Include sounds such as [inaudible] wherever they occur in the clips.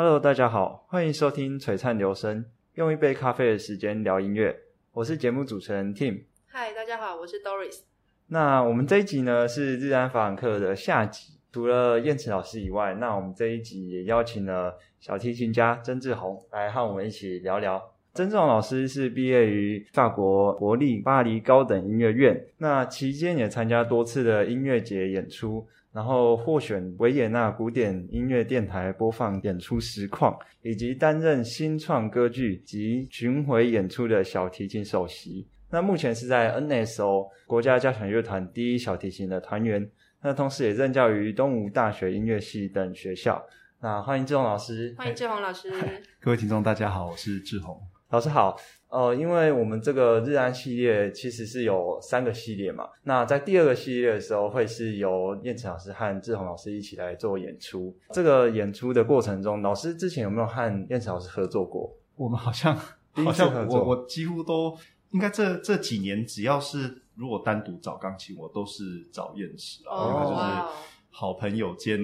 Hello，大家好，歡迎收聽《璀璨流聲》，用一杯咖啡的時間聊音樂。我是節目主持人 Tim。Hi，大家好，我是 Doris。那我們這一集呢是日安法朗克的下集。除了晏馳老師以外，那我們這一集也邀請了小提琴家曾智弘來和我們一起聊聊。曾智弘老師是畢業於法國國立巴黎高等音樂院，那期間也參加多次的音樂節演出。然後獲選維也納古典音樂電臺播放演出實況，以及擔任新創歌劇及巡迴演出的小提琴首席。那目前是在 NSO 國家交響樂團第一小提琴的團員。那同時也任教於東吳大學音樂系等學校。那歡迎智弘老師，歡迎智弘老師。哎，各位聽眾大家好，我是智弘。老師好，呃，因為我們這個日安系列其實是有三個系列嘛，那在第二個系列的時候會是由晏馳老師和智弘老師一起來做演出。這個演出的過程中，老師之前有沒有和晏馳老師合作過？我們好像第一次合作，好像我我幾乎都應該，這這幾年只要是如果單獨找鋼琴，我都是找晏馳啊，oh, 就是好朋友兼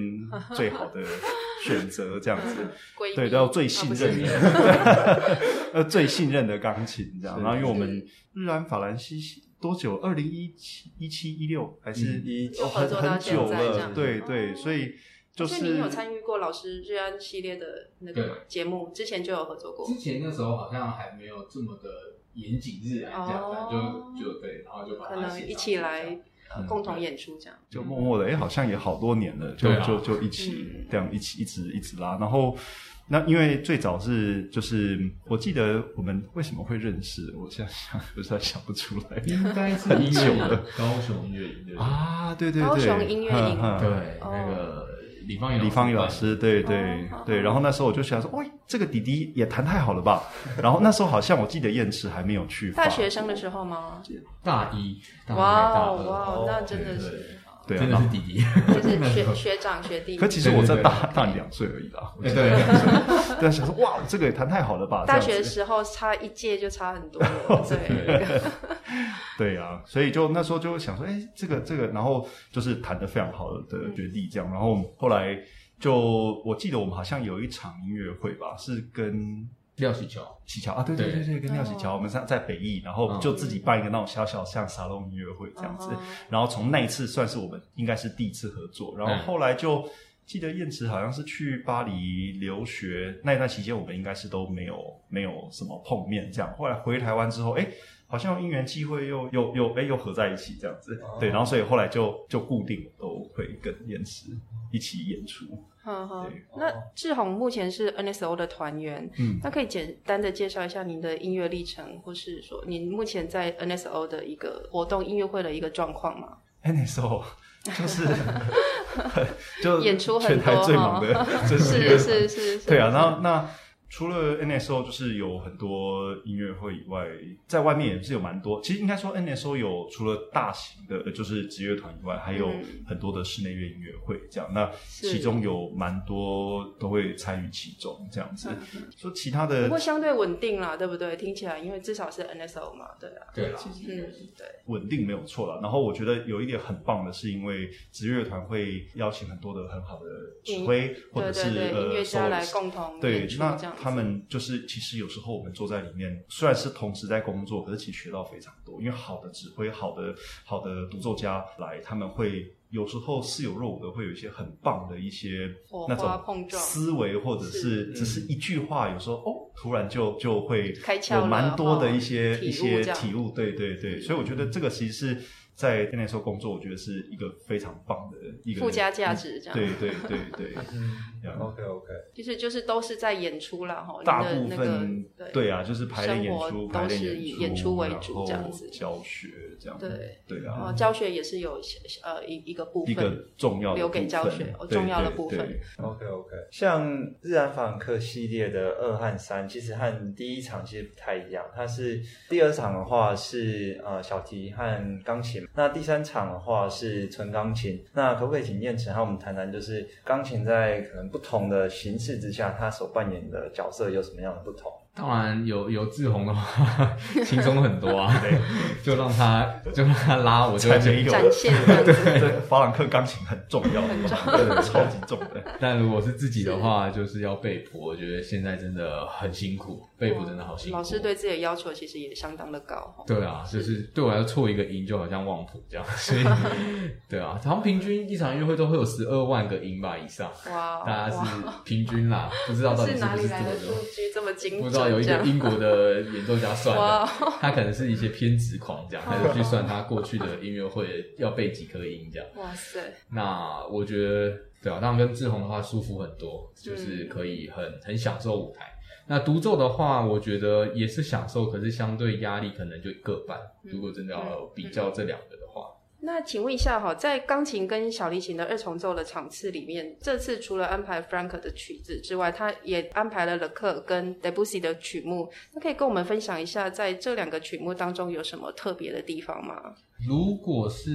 最好的選擇這樣子，Wow. [laughs] 對，都、就、要、是、最信任 [laughs] [laughs] 呃，最信任的鋼琴，這樣，嗎然後因為我們日安法朗克多久？二零一七、一七、一六還是一很、嗯、很久了，對、哦、樣對，對哦、所以就是你有參與過老師日安系列的那個節目，對之前就有合作過。之前那時候好像還沒有這麼的嚴謹日安這樣，哦、就就對，然後就把它寫可能一起來。共同演出這樣，就默默的，哎、欸，好像也好多年了，啊、就就就一起、嗯、這樣一起一直一直拉。然後那因為最早是就是我記得我們為什麼會認識，我現在想實在想不出來， [laughs] 應該是很久了，高雄音樂營啊，對對對，高雄音樂營，對，對、啊、對，對，對那個。李方宇老，老師，對對對、哦、好好對，然後那時候我就想說，喂、哦，這個弟弟也彈太好了吧？ [laughs] 然後那時候好像我記得晏馳還沒有去。大學生的時候嗎？對大一。哇哦哇哦，那真的是。對對對對、啊，真的是弟弟，後就是學學長學弟、弟。 [laughs] 可其實我只大對對對對大兩歲而已啦。對，對、啊、 [laughs] 想說哇，這個也彈太好了吧？大學的時候差一屆就差很多。 [laughs] 對， [laughs] 對啊，所以就那時候就想說，誒、欸、這個這個，然後就是彈得非常好的的學弟這樣。嗯、然後後來就我記得我們好像有一場音樂會吧，是跟。廖啟橋，啟橋啊，對對對對，對跟廖啟橋，哦、我們在在北藝，然後就自己辦一個那種小小像沙龍音樂會這樣子，哦、然後從那一次算是我們應該是第一次合作，然後後來就、哎、記得晏馳好像是去巴黎留學那一段期間，我們應該是都沒有沒有什麼碰面這樣，後來回台灣之後，哎。好像因緣際會又又又哎又合在一起這樣子，oh. 對，然後所以後來就就固定都會跟晏馳一起演出。哈哈，那智弘目前是 NSO 的團員，嗯，那可以簡單的介紹一下您的音樂歷程，或是說您目前在 NSO 的一個活動音樂會的一個狀況嗎？NSO、欸、就是 [laughs] [laughs] 就演出全台最猛的是 [laughs] 是，是是是，是對啊，然後那。那除了 N S O 就是有很多音樂會以外，在外面也是有蠻多。其實應該說 N S O 有除了大型的，就是職業團以外，還有很多的室內樂音樂會這樣。那其中有蠻多都會參與其中這樣子。是說其他的不過相對穩定了，對不對？聽起來因為至少是 N S O 嘛，對啊，對啊，對吧其實是，嗯、對，穩定沒有錯了。然後我覺得有一點很棒的是，因為職業樂團會邀請很多的很好的指揮或者是音樂家來共同演出，對，那這樣。他們就是，其實有時候我們坐在裡面，雖然是同時在工作，可是其實學到非常多。因為好的指揮、好的好的獨奏家來，他們會有時候似有若無的，會有一些很棒的一些那種維碰撞思維，或者是只是一句話，有時候是哦，突然就就會有蠻多的一些一些體悟，哦、體對對對。所以我覺得這個其實是在 NSO 工作，我覺得是一個非常棒的一個附加價值，這樣對，對對對對。 [laughs] 嗯、OK OK，其實就是都是在演出啦。哈，大部分、那個、對，對啊，就是排練演出，都是以演出為主，這樣子教學這樣子，對對啊，然後教學也是有呃一一個部分，重要留給教學對對對、哦，重要的部分。對對對 OK OK，像日安法朗克系列的二和三，其實和第一場其實不太一樣。它是第二場的話是呃小提和鋼琴，那第三場的話是純鋼琴。那可不可以請晏馳和我們談談，就是鋼琴在可能。不同的形式之下，他所扮演的角色有什麼樣的不同？當然有，有有智弘的話輕鬆很多啊， [laughs] 對，對就讓他對就讓他拉，我就沒有這樣對，對。法朗克鋼琴很重要，重要對、對、對。的超級重的 [laughs] 是但如果是自己的話，就是要被迫，我覺得現在真的很辛苦。背譜真的好辛苦。嗯，老師對自己的要求其實也相當的高。對啊，是就是對我來說錯一個音就好像忘譜這樣，所以對啊，他們平均一場音樂會都會有十二萬個音吧以上，哇，大家是平均啦，哇不知道到底是，不是，是哪裡來的數據這麼精準？不知道有一個英國的演奏家算的，哇他可能是一些偏執狂這樣，他就去算他過去的音樂會要背幾顆音這樣。哇塞，那我覺得對啊，當然跟智弘的話舒服很多，就是可以很，嗯，很享受舞台。那獨奏的話，我覺得也是享受，可是相對壓力可能就一個半。如果真的要比較這兩個的話。嗯那請問一下哈，在鋼琴跟小提琴的二重奏的場次裡面，這次除了安排 Franck 的曲子之外，他也安排了 Lekeu 跟 Debussy 的曲目。那可以跟我們分享一下，在這兩個曲目當中有什麼特別的地方嗎？如果是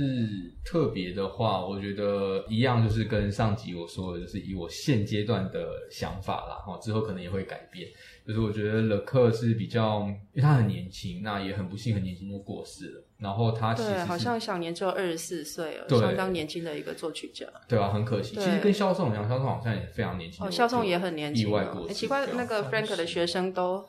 特別的話，我覺得一樣就是跟上集我說的，就是以我現階段的想法啦，哈，之後可能也會改變。就是我覺得 Lekeu 是比較，因為他很年輕，那也很不幸，很年輕就過世了。然後他其實，對，好像享年只有二十四歲，相當年輕的一個作曲家。對啊，很可惜。對其實跟肖頌一樣，肖頌好像也非常年輕。肖頌、哦，也很年輕，意外奇怪，十那個 Frank 的學生都、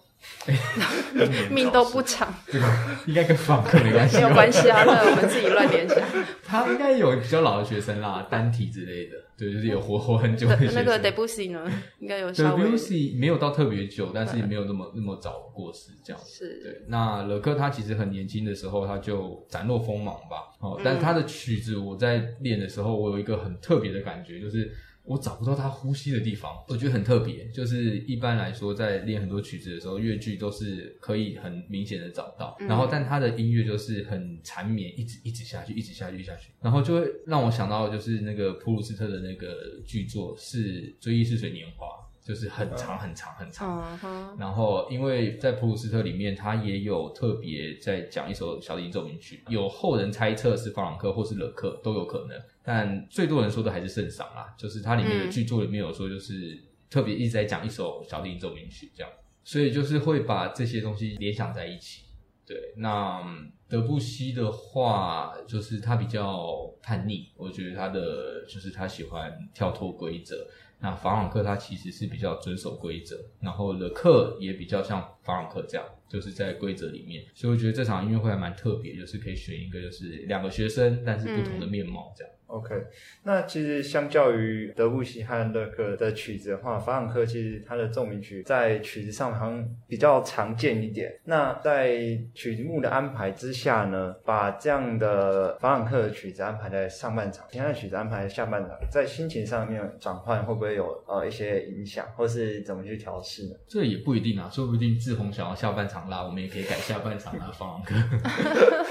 欸、 [laughs] 命都不長，對。 [laughs] 這個應該跟 Frank 沒關係， [laughs] 沒有關係啊，那我們自己亂聯想。他應該有比較老的學生啦，單體之類的。對，就是有活活很久的、哦。那個 Debussy 呢，應該有稍微。Debussy 對沒有到特別久，嗯、但是也沒有那麼、嗯、那麼早過世這樣子。是。對，那樂科他其實很年輕的時候他就展露鋒芒吧。哦，但他的曲子，我在練的時候，我有一個很特別的感覺，就是。我找不到他呼吸的地方，我覺得很特別。就是一般來說，在練很多曲子的時候，樂句都是可以很明顯的找到。嗯、然後，但他的音樂就是很纏綿，一直一直下去，一直下去下去。然後就會讓我想到，就是那個普魯斯特的那個劇作是《追憶似水年華》。就是很長很長很長，uh huh. 然後因為在普魯斯特裡面，他也有特別在講一首小提琴奏鳴曲，有後人猜測是法朗克或是勒克都有可能，但最多人說的還是聖桑啦，就是他裡面的劇作裡面有說，就是特別一直在講一首小提琴奏鳴曲這樣，所以就是會把這些東西聯想在一起。對，那德布西的話，就是他比較叛逆，我覺得他的就是他喜歡跳脫規則。那法朗克它其實是比較遵守規則，然後的課也比較像法朗克這樣。就是在規則裡面，所以我覺得這場音樂會還蠻特別，就是可以選一個，就是兩個學生，但是不同的面貌這樣。嗯、OK，那其實相較於德布西和勒克的曲子的話，法朗克其實他的奏鳴曲在曲子上好像比較常見一點。那在曲目的安排之下呢，把這樣的法朗克的曲子安排在上半場，其他的曲子安排在下半場，在心情上面轉換會不會有呃一些影響，或是怎麼去調適呢？這也不一定啊，說不定智弘想要下半場啦，我們也可以改下半場啦，法朗克。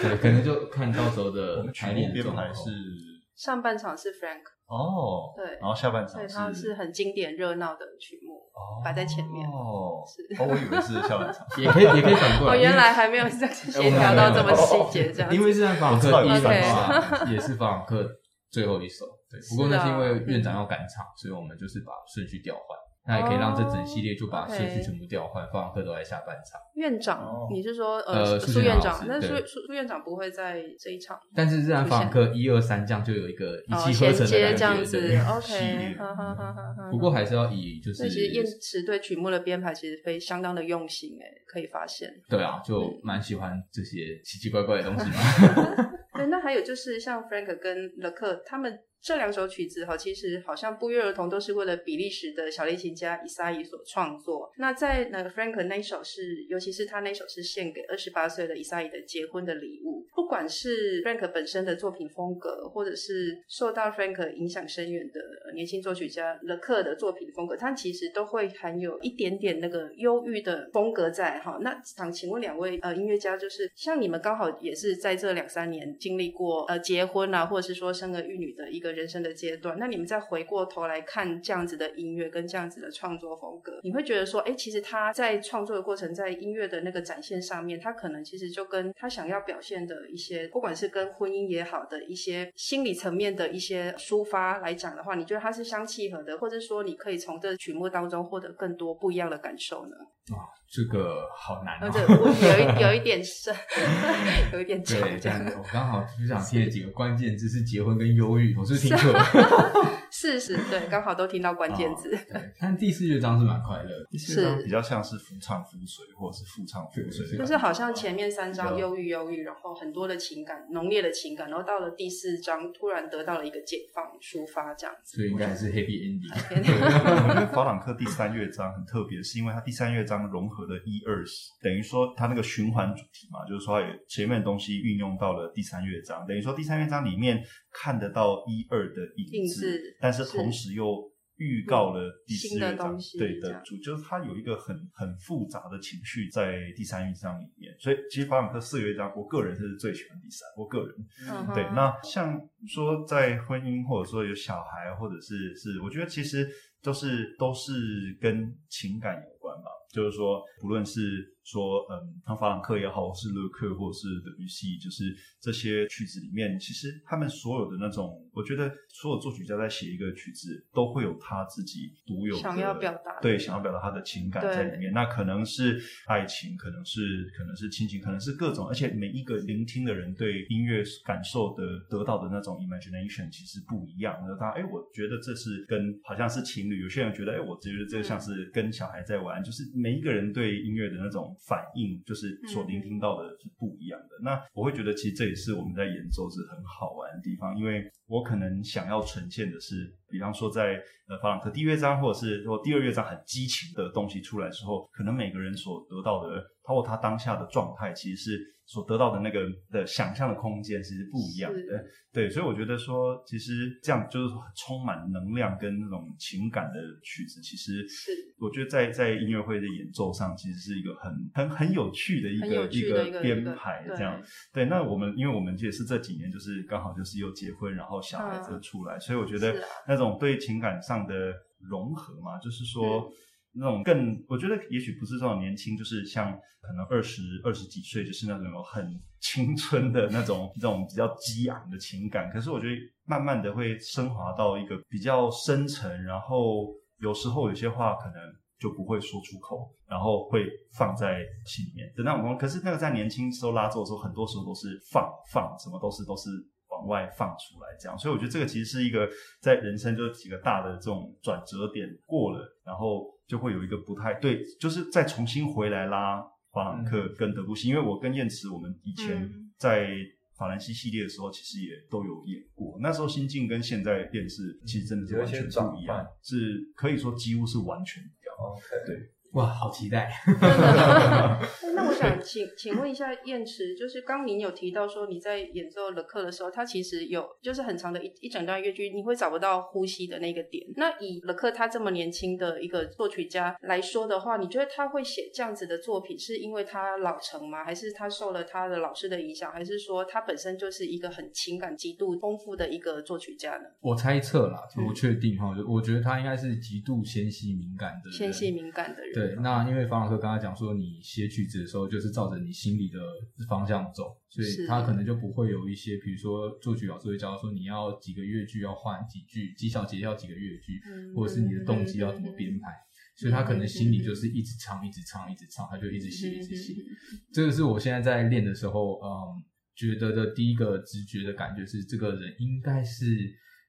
對，可能就看到時候的排練中。還是上半場是 Frank 哦？對，然後下半場，對，是是很經典熱鬧的曲目，擺在前面哦。是哦？我以為是下半場。也可以也可以反過來。我原來還沒有這樣協調到這麼細節這樣，因為是法朗克的話也是法朗克最後一首。對，不過那是因為院長要趕場，所以我們就是把順序調換。那也可以讓這整系列就把設計全部調換，法朗克都在下半場。院長，哦你是說呃蘇院長？那蘇蘇蘇院長不會在這一場。但是既然法朗克一二三這樣就有一個一氣呵成的感覺，這樣子，OK，好好好好。不過還是要以就是其實晏馳對曲目的編排其實非相當的用心哎，可以發現。對啊，就蠻喜歡這些奇奇怪怪的東西嘛。對，那還有就是像 Franck 跟 Le 克他們。這兩首曲子哈，其實好像不約而同都是為了比利時的小提琴家伊薩伊所創作。那在那個 Frank 那首是，尤其是他那首是獻給二十八歲的伊薩伊的結婚的禮物。不管是 Frank 本身的作品風格，或者是受到 Frank 影響深遠的。年輕作曲家勒克的作品風格，他其實都會含有一點點那個憂鬱的風格在哈。那想請問兩位呃音樂家，就是像你們剛好也是在這兩三年經歷過呃結婚啊，或者是說生兒育女的一個人生的階段，那你們再回過頭來看這樣子的音樂跟這樣子的創作風格，你會覺得說，哎、欸，其實他在創作的過程，在音樂的那個展現上面，他可能其實就跟他想要表現的一些，不管是跟婚姻也好的一些心理層面的一些抒發來講的話，你覺得他？它是相契合的，或者說你可以從這曲目當中獲得更多不一樣的感受呢？啊，這個好難，啊，或者有一有一點深， [laughs] [laughs] 有一點長。對，這樣我剛好就想貼了幾個關鍵字是結婚跟憂鬱，是我是聽錯了。是啊 [laughs] 四十對，剛好都聽到關鍵字。但第四樂章是蠻快樂的，第四樂章比較像是夫唱婦隨或者是夫唱婦隨，就是好像前面三章憂鬱憂鬱，然後很多的情感濃烈的情感，然後到了第四章突然得到了一個解放抒發這樣子，所以應該是 happy ending。我覺得法朗克第三樂章很特別，是因為他第三樂章融合了一二，等於說他那個循環主題嘛，就是說前面的東西運用到了第三樂章，等於說第三樂章裡面看得到一二的影子。但是同時又預告了第四樂章，嗯、的對的主就是他有一個很很複雜的情緒在第三樂章裡面，所以其實法朗克四樂章，我個人是最喜歡第三，我個人，嗯，對。那像說在婚姻，或者說有小孩，或者是是，我覺得其實都是都是跟情感有關。就是說，不論是說嗯，像法朗克也好，或是樂克，或者是德布西，就是這些曲子裡面，其實他們所有的那種，我覺得所有作曲家在寫一個曲子，都會有他自己獨有的想要表達，對，想要表達他的情感在裡面。對那可能是愛情，可能是可能是親情，可能是各種。而且每一個聆聽的人對音樂感受的得到的那種 imagination，其實不一樣。那他哎、欸，我覺得這是跟好像是情侶，有些人覺得哎、欸，我覺得這個像是跟小孩在玩。嗯就是每一個人對音樂的那種反應，就是所聆聽到的是不一樣的。嗯、那我會覺得，其實這也是我們在演奏是很好玩的地方，因為我可能想要呈現的是，比方說在呃法朗克第一樂章，或者是說第二樂章很激情的東西出來之後，可能每個人所得到的。包括他當下的狀態，其實是所得到的那個的想象的空間，其實不一樣的是。對，所以我覺得說，其實這樣就是充滿能量跟那種情感的曲子，其實是我覺得在在音樂會的演奏上，其實是一個很很很有趣的一個一個編排。這樣、嗯、對，那我們因為我們也是這幾年，就是剛好就是又結婚，然後小孩子出來，啊、所以我覺得、啊、那種對情感上的融合嘛，就是說。嗯那種更，我覺得也許不是這種年輕，就是像可能二十二十幾歲，就是那種很青春的那種，那種比較激昂的情感。可是我覺得慢慢的會升華到一個比較深沉，然後有時候有些話可能就不會說出口，然後會放在心裡面。等到我們，可是那個在年輕時候拉奏的時候，很多時候都是放放，什麼都是都是。往外放出來，這樣，所以我覺得這個其實是一個在人生就幾個大的這種轉折點過了，然後就會有一個不太對，就是再重新回來拉法朗克跟德布西，因為我跟晏馳，我們以前在法蘭西系列的時候，其實也都有演過，嗯、那時候心境跟現在的電視其實真的是完全不一樣，嗯、是可以說幾乎是完全不一樣。Okay. 對。哇，好期待！那我想請請問一下晏馳，就是剛您有提到說你在演奏勒克的時候，他其實有就是很長的一一整段樂句，你會找不到呼吸的那個點。那以勒克他這麼年輕的一個作曲家來說的話，你覺得他會寫這樣子的作品是因為他老成嗎？還是他受了他的老師的影響？還是說他本身就是一個很情感極度豐富的一個作曲家呢？我猜測啦，我確定哈。嗯，我覺得他應該是極度纖細敏感的纖細敏感的人。對，那因為法朗克剛才講說，你寫曲子的時候就是照着你心裡的方向走，所以他可能就不會有一些，比如說作曲老師會教說，你要幾個樂句要換幾句，幾小節要幾個樂句，或者是你的動機要怎麼編排，嗯、所以他可能心裡就是一直唱，一直唱，一直唱，他就一直寫，一直寫。嗯、這個是我現在在練的時候，嗯，覺得的第一個直覺的感覺是，這個人應該是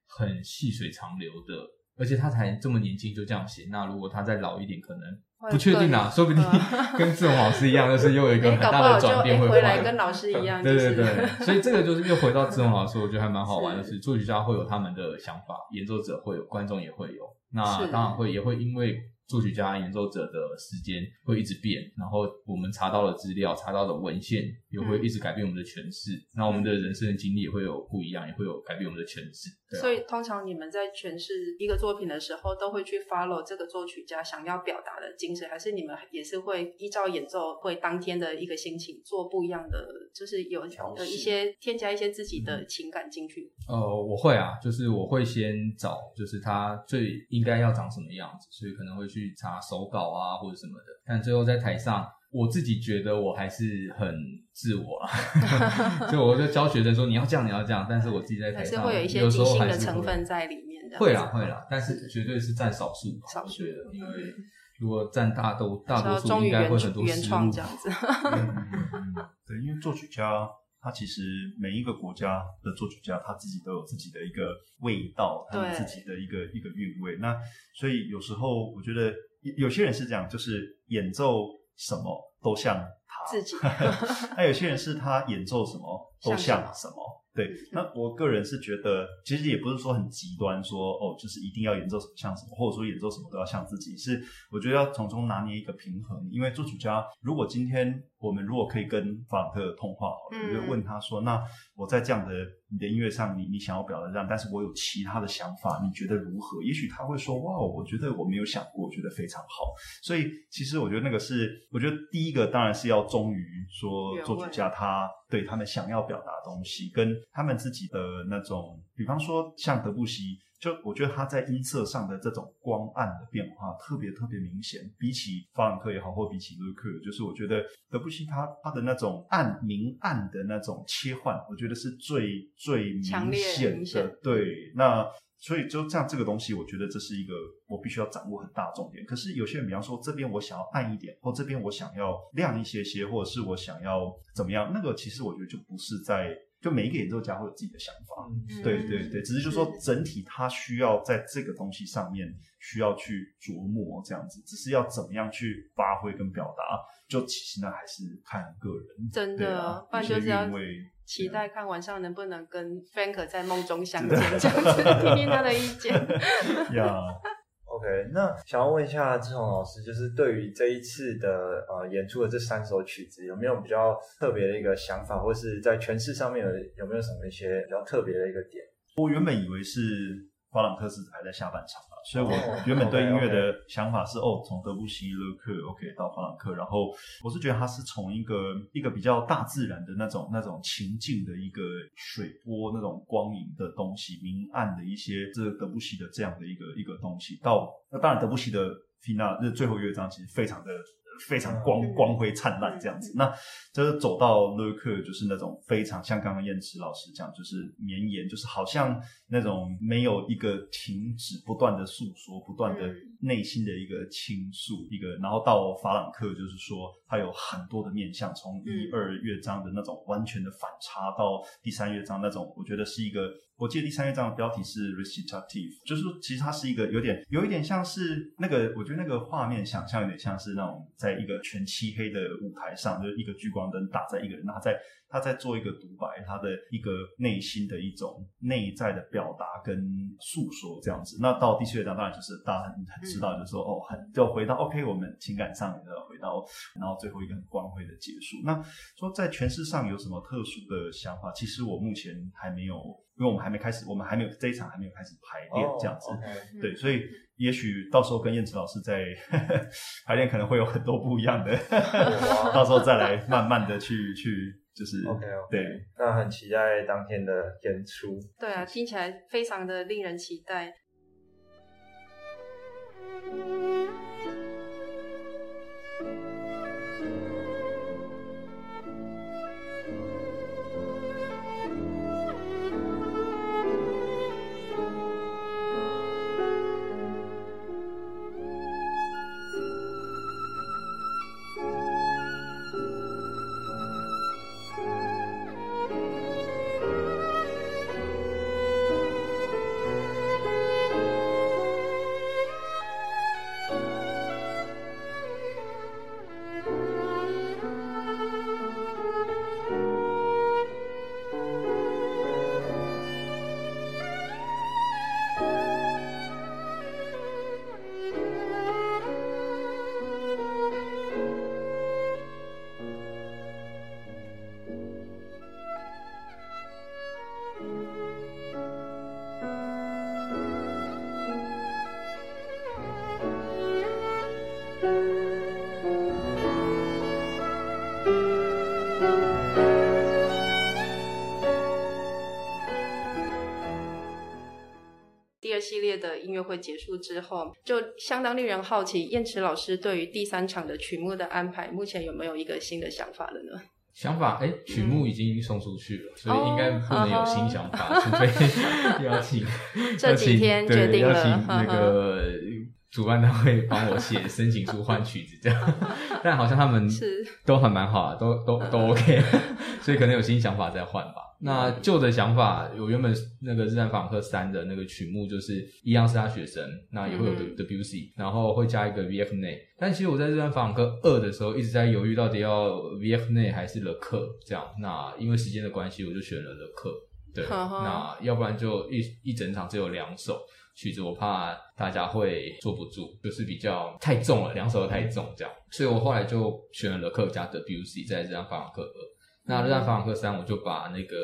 很細水長流的，而且他才這麼年輕就這樣寫，那如果他再老一點，可能。不確定啊，對說不定、啊、跟智弘老師一樣，啊、就是又有一個很大的轉變會、欸欸、回來，跟老師一樣。就是、 [laughs] 對對對，對，所以這個就是又回到智弘老師， [laughs] 我覺得還蠻好玩的。就是作曲家會有他們的想法，演奏者會有，觀眾也會有。那當然會也會因為。作曲家演奏者的時間會一直變，然後我們查到的資料、查到的文獻也會一直改變我們的詮釋。嗯、那我們的人生的經歷也會有不一樣，也會有改變我們的詮釋。對啊、所以，通常你們在詮釋一個作品的時候，都會去 follow 這個作曲家想要表達的精神，還是你們也是會依照演奏會當天的一個心情做不一樣的，就是有的一些添加一些自己的情感進去、嗯。呃，我會啊，就是我會先找，就是他最應該要長什麼樣子，所以可能會去。去查手稿啊，或者什麼的，但最後在台上，我自己覺得我還是很自我啊， [laughs] [laughs] 所以我就教學生說，你要這樣，你要這樣。但是我自己在台上，是有時候，還是會有一些即興的成分在裡面。會啦，會啦，但是絕對是占少數，少數的。因為如果占大多對大多數，應該會很多原創，這樣子。對，因為作曲家。他其實每一個國家的作曲家，他自己都有自己的一個味道，他有自己的一個對一個韻味。那所以有時候我覺得，有些人是這樣，就是演奏什麼都像他自己； [laughs] [laughs] 那有些人是他演奏什麼都像什麼。對，那我個人是覺得，其實也不是說很極端說，說哦，就是一定要演奏什麼像什麼，或者說演奏什麼都要像自己。是我覺得要從中拿捏一個平衡，因為作曲家，如果今天我們如果可以跟法朗克通話好了，我、嗯、就問他說，那我在這樣的你的音樂上，你你想要表達這樣，但是我有其他的想法，你覺得如何？也許他會說，哇，我覺得我沒有想過，我覺得非常好。所以其實我覺得那個是，我覺得第一個當然是要忠於說味作曲家他。對他們想要表達的東西，跟他們自己的那種，比方說像德布西，就我覺得他在音色上的這種光暗的變化特別特別明顯，比起法朗克也好，或比起羅克，就是我覺得德布西他他的那種暗明暗的那種切換，我覺得是最最明顯的。顯對，那。所以就這樣，這個東西我覺得這是一個我必須要掌握很大的重點。可是有些人，比方說這邊我想要暗一點，或這邊我想要亮一些些，或者是我想要怎麼樣？那個其實我覺得就不是在。就每一個演奏家會有自己的想法，嗯、對對對，只是就是說整體他需要在這個東西上面需要去琢磨這樣子，只是要怎麼樣去發揮跟表達，就其實呢，還是看個人。真的，那、啊、就是要期待看晚上能不能跟 Franck 在夢中相見，對對對，這樣子聽聽他的意見。 [laughs] yeah. OK，那想要問一下智弘老師，就是對於這一次的呃演出的這三首曲子，有沒有比較特別的一個想法，或是在詮釋上面有有沒有什麼一些比較特別的一個點？我原本以為是。法朗克是還在下半場啊，所以我原本對音樂的想法是， [laughs] okay, okay. 哦，從德布西、勒克、OK 到法朗克，然後我是覺得他是從一個一個比較大自然的那種那種情境的一個水波那種光影的東西，明暗的一些這個、德布西的這樣的一個一個東西，到那當然德布西的 Finale 這最後樂章其實非常的。非常光光輝燦爛這樣子，嗯嗯、那就是走到勒克，就是那種非常像剛剛晏馳老師講，就是綿延，就是好像那種沒有一個停止，不斷的訴說，不斷的內心的一個傾訴，一個、嗯嗯、然後到法朗克，就是說他有很多的面向，從一二樂章的那種完全的反差，到第三樂章那種，我覺得是一個，我記得第三樂章的標題是 recitative，就是說其實它是一個有點有一點像是那個，我覺得那個畫面想象有點像是那種。在一個全漆黑的舞台上，就一個聚光燈打在一個人，那他在他在做一個獨白，他的一個內心的一種內在的表達跟訴說這樣子。那到的確當然就是大家很很知道，就是說哦很，就回到 OK，我們情感上也回到，然後最後一個很光輝的結束。那說在詮釋上有什麼特殊的想法？其實我目前還沒有。因為我們還沒開始，我們還沒有這一場還沒有開始排練這樣子，oh, okay. 對，所以也許到時候跟晏馳老師在 [laughs] 排練，可能會有很多不一樣的，到時候再來慢慢的去 [laughs] 去，就是 okay, okay. 對，那很期待當天的演出。對啊，聽起來非常的令人期待。 [music] 第二系列的音樂會結束之後，就相當令人好奇，晏馳老師對於第三場的曲目的安排，目前有沒有一個新的想法了呢？想法。哎，曲目已經送出去了，嗯、所以應該不能有新想法，除非邀請， [laughs] 請這幾天決定了。那個。哦嗯主辦單位幫我寫申請書換曲子這樣， [laughs] 但好像他們都還蠻好，啊是，都都都 OK， [laughs] [laughs] 所以可能有新想法再換吧。嗯、那舊的想法，嗯、我原本那個《日安法朗克三》的那個曲目就是、嗯、一樣是他學生，那也會有 Debussy，然後會加一個 Vierne、嗯。但其實我在《日安法朗克二》的時候一直在猶豫，到底要 Vierne 還是 Lekeu 這樣。那因為時間的關係，我就選了 Lekeu。對，呵呵那要不然就一一整場只有兩首。曲子我怕大家會坐不住，就是比較太重了，兩手都太重，這樣，所以我後來就選了客家的 BUC 在這張法朗克二，嗯、那這張法朗克三我就把那個。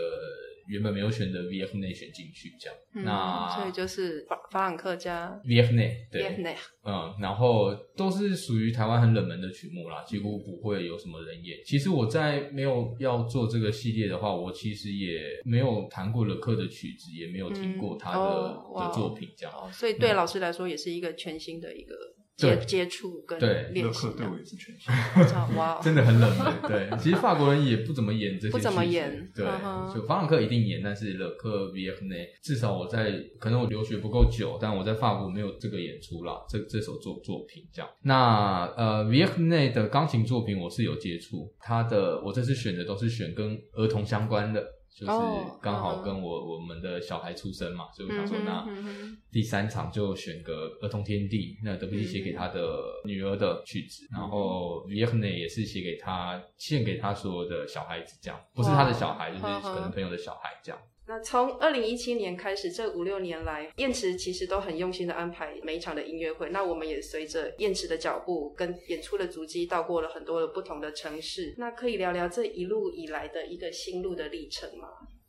原本沒有選擇 Vierne 選進去這樣，嗯、那所以就是法法朗克加 Vierne，Vierne，ne, 對，嗯，然後都是屬於台灣很冷門的曲目啦，幾乎不會有什麼人演。其實我在沒有要做這個系列的話，我其實也沒有彈過了克的曲子，也沒有聽過他的、嗯、的、的作品這樣。哦、所以對老師來說，也是一個全新的一個。嗯接對接觸跟練對勒克，對我也是全新。哇， [laughs] 真的很冷門。對， [laughs] 其實法國人也不怎麼演這些，不怎麼演。對，嗯、哼就法朗克一定演，但是勒克維克內，至少我在可能我留學不夠久，但我在法國沒有這個演出啦，這這首作作品，這樣。那呃維爾內的鋼琴作品我是有接觸，他的我這次選的都是選跟兒童相關的。就是剛好跟我、oh, 我們的小孩出生嘛，嗯、哼所以我想說，那第三場就選個兒童天地，嗯、哼那德布西寫給他的女兒的曲子，嗯、哼然後 Vierne 也是寫給他獻給他所有的小孩子，這樣不是他的小孩，嗯、哼就是可能朋友的小孩這樣。嗯那從二零一七年開始，這五六年來，晏馳其實都很用心的安排每一場的音樂會。那我們也隨着晏馳的腳步，跟演出的足跡，到過了很多的不同的城市。那可以聊聊這一路以來的一個心路的歷程嗎？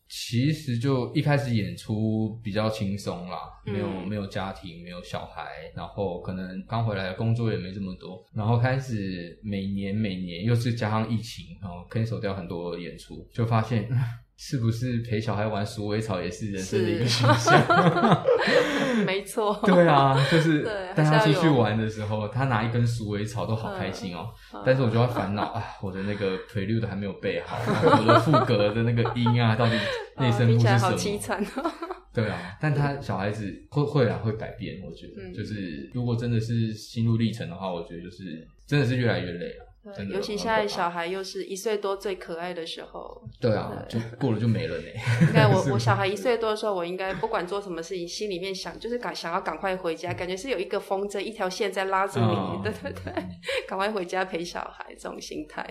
其實就一開始演出比較輕鬆啦，嗯、沒有沒有家庭，沒有小孩，然後可能剛回來的工作也沒這麼多，然後開始每年每年又是加上疫情，然後 cancel 掉很多演出，就發現、嗯。是不是陪小孩玩鼠尾草也是人生的一個形象？沒錯，對啊，就是帶他出去玩的時候，他拿一根鼠尾草都好開心哦，喔。嗯嗯、但是我就會煩惱啊，我的那個 Prelude 都還沒有背好， [laughs] 啊、我的賦格的那個音啊，到底內聲部是什麼？啊 [laughs] 對啊，但他小孩子會會啊會改變，我覺得、嗯、就是如果真的是心路歷程的話，我覺得就是真的是越來越累了。對的尤其現在小孩又是一歲多最可愛的時候，對啊，對就過了就沒了呢。應該 [laughs] 我我小孩一歲多的時候，我應該不管做什麼事情，心裡面想就是趕想要趕快回家，感覺是有一個風箏一條線在拉着你，哦、對對對，趕、嗯、快回家陪小孩這種心態。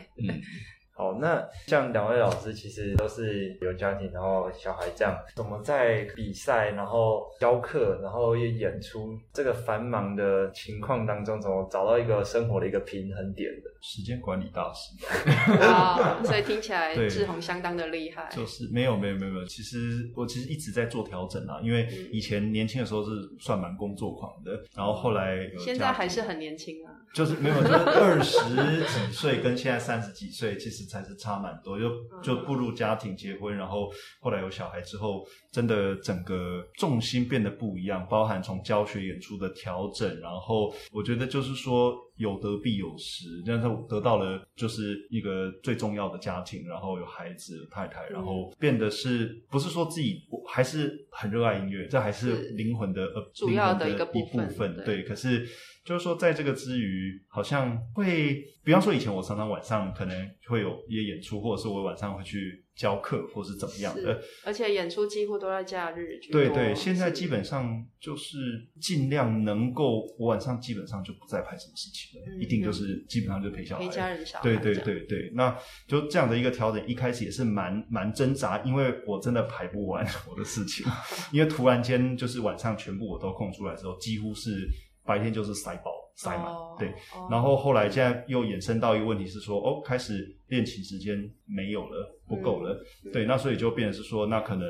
好，那像兩位老師其實都是有家庭，然後小孩，這樣怎麼在比賽、然後教課、然後也演出這個繁忙的情況當中，怎麼找到一個生活的一個平衡點的？時間管理大師，哇，Wow, [laughs] 所以聽起來智弘相當的厲害。就是沒有沒有沒有沒有，其實我其實一直在做調整啊，因為以前年輕的時候是算蠻工作狂的，然後後來現在還是很年輕啊，就是沒有，就是二十幾歲跟現在三十幾歲其實。才是差蠻多，就就步入家庭，結婚，嗯、然後後來有小孩之後，真的整個重心變得不一樣，包含從教學演出的調整，然後我覺得就是說有得必有失，但是得到了就是一個最重要的家庭，然後有孩子，有太太，嗯、然後變得是，不是說自己我還是很熱愛音樂，這還是靈魂的、主要的一個部分，對，可是。就是說，在這個之餘，好像會，比方說，以前我常常晚上可能會有一些演出，或者是我晚上會去教課，或是怎麼樣的。而且演出幾乎都在假日。對,對對，是現在基本上就是儘量能夠，我晚上基本上就不再排什麼事情了，嗯嗯一定就是基本上就陪小孩、陪家人小孩。對對對對，那就這樣的一個調整，一開始也是蠻蠻掙扎，因為我真的排不完我的事情， [laughs] 因為突然間就是晚上全部我都空出來之後，幾乎是。白天就是塞飽塞滿，oh，對，oh。然後後來現在又衍生到一個問題是說，oh。哦，開始練琴時間沒有了，不夠了，mm hmm。對，那所以就變成是說，那可能。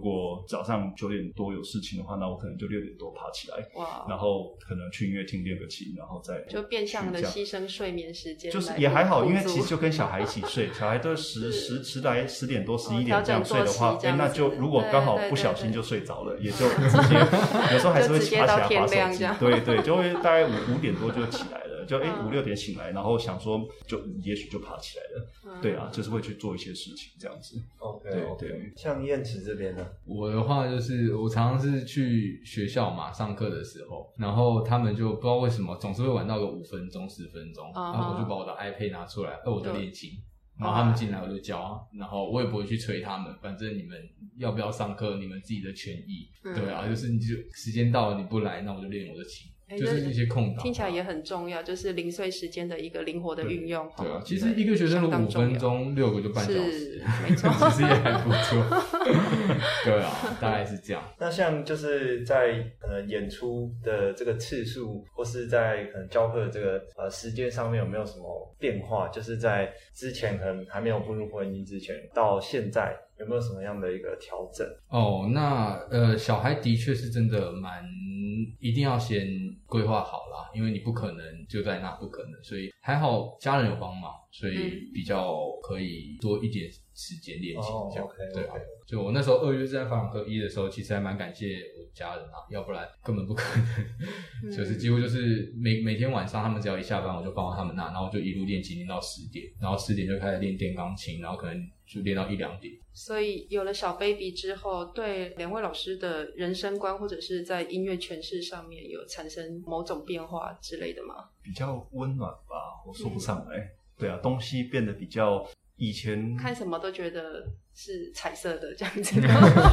如果早上九點多有事情的話，那我可能就六點多爬起來，哇，然後可能去音樂廳練個琴，然後再就變相的犧牲睡眠時間，就是也還好，因為其實就跟小孩一起睡，小孩都十十十來十點多、十一點這樣睡的話，哦，那就如果剛好不小心就睡着了，對對對對，也就直接有時候還是會爬起來划手機，對對，就會大概五五點多就起來。 [laughs] 就哎，五、欸、六點醒來，哦、然後想說就，就也許就爬起來了，嗯、對啊，嗯、就是會去做一些事情這樣子。OK，對對。Okay、像晏馳這邊呢，我的話就是，我常常是去學校嘛，上課的時候，然後他們就不知道為什麼，總是會晚到個五分鐘、十分鐘，哦、哈然後我就把我的 iPad 拿出來，我就練琴，對然後他們進來我就教、啊，啊、然後我也不會去催他們，反正你們要不要上課，你們自己的權益，嗯、對啊，就是你就時間到了你不來，那我就練我的琴。欸、就是那些空檔、啊，聽起來也很重要，就是零碎時間的一個靈活的運用。對啊，對，其實一個學生的五分鐘、六個就半小時，沒錯，其實也還不錯。 [laughs] [laughs] 對啊，大概是這樣。 [laughs] 那像就是在呃演出的這個次數，或是在可能教課的這個呃時間上面有沒有什麼變化？就是在之前可能還沒有步入婚姻之前，到現在有沒有什麼樣的一個調整？哦，那呃小孩的確是真的蠻。一定要先規劃好啦，因為你不可能就在那不可能，所以還好家人有幫忙，所以比較可以多一點時間練琴。對、哦，okay, okay, okay, okay. 就我那時候二月是在法朗克一的時候，其實還蠻感謝我家人啊，要不然根本不可能。嗯、就是幾乎就是每每天晚上，他們只要一下班，我就幫他們那，然後就一路練琴練到十點，然後十點就開始練電鋼琴，然後可能。就練到一兩點，所以有了小 baby 之後，對兩位老師的人生觀或者是在音樂詮釋上面有產生某種變化之類的嗎？比較溫暖吧，我說不上來。嗯、對啊，東西變得比較以前看什麼都覺得是彩色的這樣子。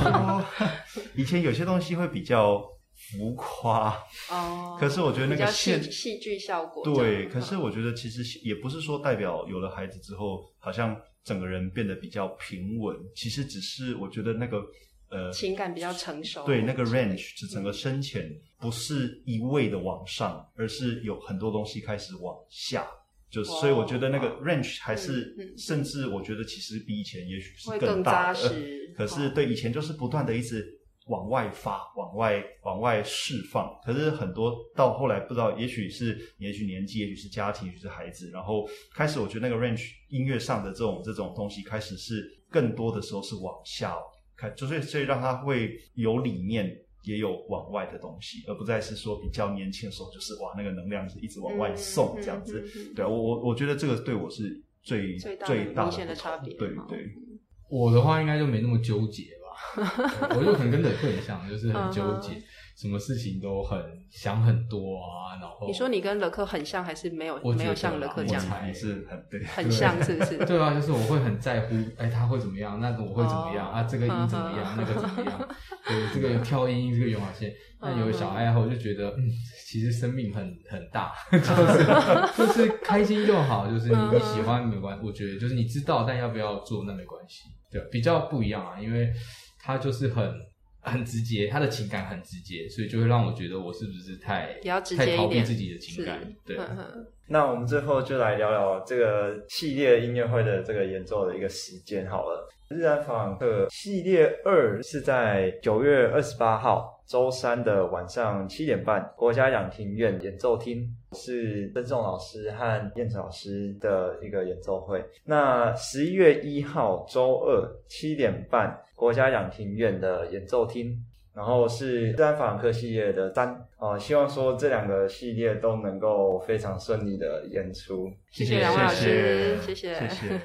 [laughs] [laughs] 以前有些東西會比較浮誇哦，可是我覺得那個戲戲劇效果對，可是我覺得其實也不是說代表有了孩子之後好像。整個人變得比較平穩，其實只是我覺得那個呃，情感比較成熟，對，那個 range，感整個深淺不是一味的往上，嗯、而是有很多東西開始往下，就、哦、所以我覺得那個 range 還是，嗯嗯、甚至我覺得其實比以前也許是更扎實、呃，可是對哇以前就是不斷的一直。往外發，往外往外釋放。可是很多到後來不知道，也許是也許年紀，也許是家庭，也許是孩子。然後開始，我覺得那個 range 音樂上的這種這種東西，開始是更多的時候是往下開，就是所以讓他會有理念，也有往外的東西，而不再是說比較年輕的時候就是哇，那個能量是一直往外送，嗯，這樣子。嗯嗯嗯，對，我我我覺得這個對我是最最大的，最大的差別。對對，對，好我的話應該就沒那麼糾結。我就可能跟樂克很像，就是很糾結，什麼事情都很想很多啊。然後你說你跟樂克很像還是沒有？我沒有像樂克這樣，是很對，很像是不是？對啊，就是我會很在乎，哎，他會怎麼樣？那我會怎麼樣啊？這個音怎麼樣？那個怎麼樣？對這個跳音，這個有滑線，那有小愛好，就覺得嗯，其實生命很很大，就是就是開心就好，就是你喜歡，沒關係。我覺得就是你知道，但要不要做那沒關係。對，比較不一樣啊，因為。他就是很很直接，他的情感很直接，所以就會讓我覺得我是不是太太逃避自己的情感？是對。呵呵，那我們最後就來聊聊這個系列音樂會的這個演奏的一個時間好了。日安，法朗克系列二是在九月二十八號周三的晚上七點半，國家兩廳院演奏廳，是智弘老師和晏馳老師的一個演奏會。那十一月一號周二七點半。國家兩廳院的演奏廳，然後是日安法朗克系列的單，啊，希望說這兩個系列都能夠非常順利的演出，謝謝謝謝，謝謝。